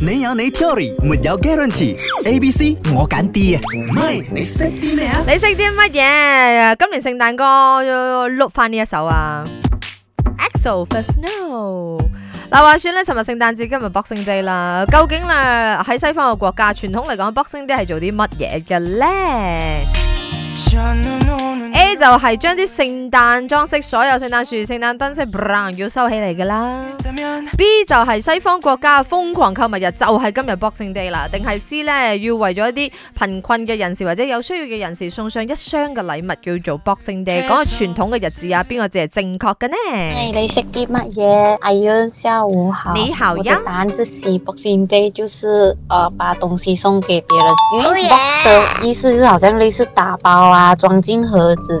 你有你 theory，沒有 guarantee。A B C 我揀 D 啊，唔係你識啲咩啊？你識啲乜嘢？今年聖誕歌要錄翻呢一首啊。Axel for snow，嗱，話說咧，尋日聖誕節，今日 boxing day 啦，究竟咧，喺西方嘅國家傳統嚟講，boxing day 係做啲乜嘢嘅咧？就係將啲聖誕裝飾，所有聖誕樹、聖誕燈飾，砰要收起嚟噶啦。B 就係西方國家瘋狂購物日，就係、是、今日 Boxing Day 啦。定係 C 咧，要為咗一啲貧困嘅人士或者有需要嘅人士送上一箱嘅禮物，叫做 Boxing Day。講下傳統嘅日子啊，邊個字係正確嘅呢？Hey, 你識啲乜嘢？哎呀，下午好，你好呀。我的答案是 Boxing Day，就是誒把東西送給別人。因為、oh、yeah. Box 的意思就好像類似打包啊，裝進盒子。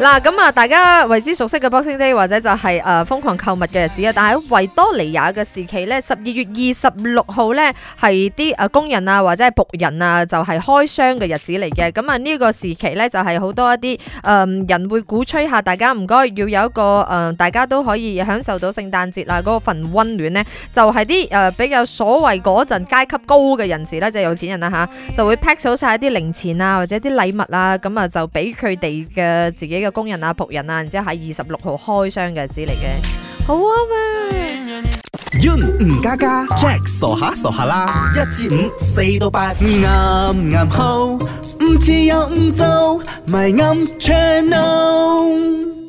嗱，咁啊，大家為之熟悉嘅 Boxing Day 或者就係誒瘋狂購物嘅日子啊！但喺維多利亞嘅時期咧，十二月二十六號咧係啲誒工人啊或者係僕人啊就係、是、開箱嘅日子嚟嘅。咁啊呢個時期咧就係、是、好多一啲誒、呃、人會鼓吹下，大家唔該要有一個誒、呃、大家都可以享受到聖誕節啊嗰份溫暖咧，就係啲誒比較所謂陣階級高嘅人士啦，就係、是、有錢人啦、啊、吓就會 pack 好曬啲零錢啊或者啲禮物啊，咁啊就俾佢哋嘅自己嘅。工人啊，僕人啊，然之後喺二十六號開箱嘅日子嚟嘅，好啊嘛。Yun 唔加加，Jack 傻下傻下啦。一至五，四到八，啱啱好，唔次有唔做，咪啱 channel。